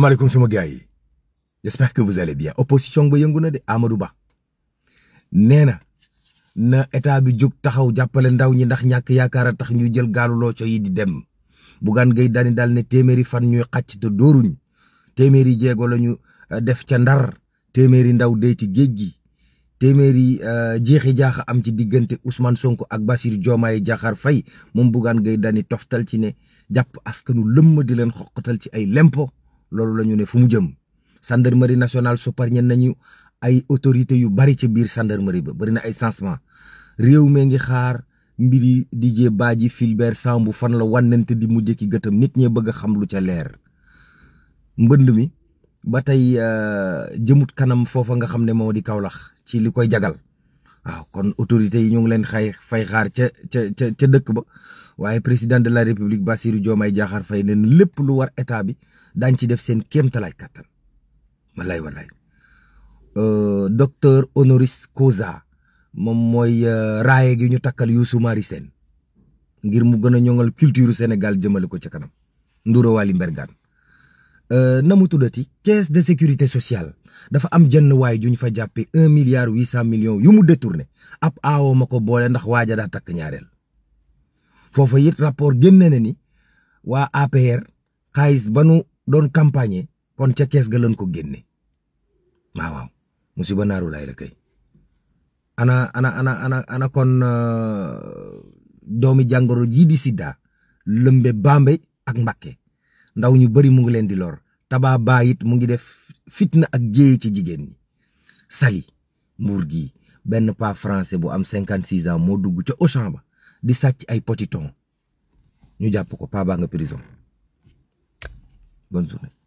asalaamaaleykum suma gars yi j'espère que vous allez bien opposition ba yëngu na de Amadou Ba nee na na état bi jóg taxaw jàppale ndaw ñi ndax ñàkk yaakaara tax ñu jël gaalu looco yi di dem Bougane gay Dany dal ne téeméeri fan ñu xàcc te dóoruñ téeméeri jéego la ñu euh, def ca ndar téeméeri ndaw deeti géej gi téeméeri euh, jeexi jaaxa am ci diggante Ousmane Sonko ak Bassirou Diomaye Diakhar fay moom Bougane gay Dany toftal ci ne jàpp askanu lëmm di leen xoqatal ci ay lempo loolu la ñu ne fu mu jëm gendarmerie nationale supparñe nañu ay autorités yu bari ca biir gendarmerie ba bari na ay changement réew mi ngi xaar mbir yi Didier Badji Fulbert Sambou fan la wànnante di mujj ki gëtam nit ñee bëgg a xam lu ca leer mbënd mi ba tey euh, jëmut kanam foofa nga xam ne moo di kawlax ci li koy jagal waaw kon autorités yi ñoo ngi leen xay fay xaar ca ca ca ca dëkk ba waaye président de la république Bassirou Diomaye Diakhar fay ne lépp lu war état bi daañ ci def seen kéemtalaay kàttan wallaay wallaay euh, docteur honoris causa moom mooy euh, raaye gi ñu takkal Youssou Mari Sène ngir mu gën a ñoŋal culture Sénégal jëmale ko ca kanam Nduro Wali Mbergane euh, na mu tuddati caisse de sécurité sociale dafa am jenn waay ju ñu fa jàppee un milliard huit cent millions yu mu détourné ab aawoo ma ko boole ndax waaja daa takk ñaareel foofa it rapport génne na ni waa APR xaalis ba doon campagne kon ca kees ga lañ ko génne waaw waaw musiba naaru laay la kay ana ana ana ana kon euh, doomi jàngoro ji di Sida lëmbe Bambey ak Mbakke ndaw ñu bari mu ngi leen di lor taba baa it mu ngi def fitna ak jéey ci jigéen ñi Saly Mbour gi benn pas français bu am cinquante six ans moo dugg ca Auchan ba di sàcc ay potiton ñu jàpp ko paa baa nga prison bonne journée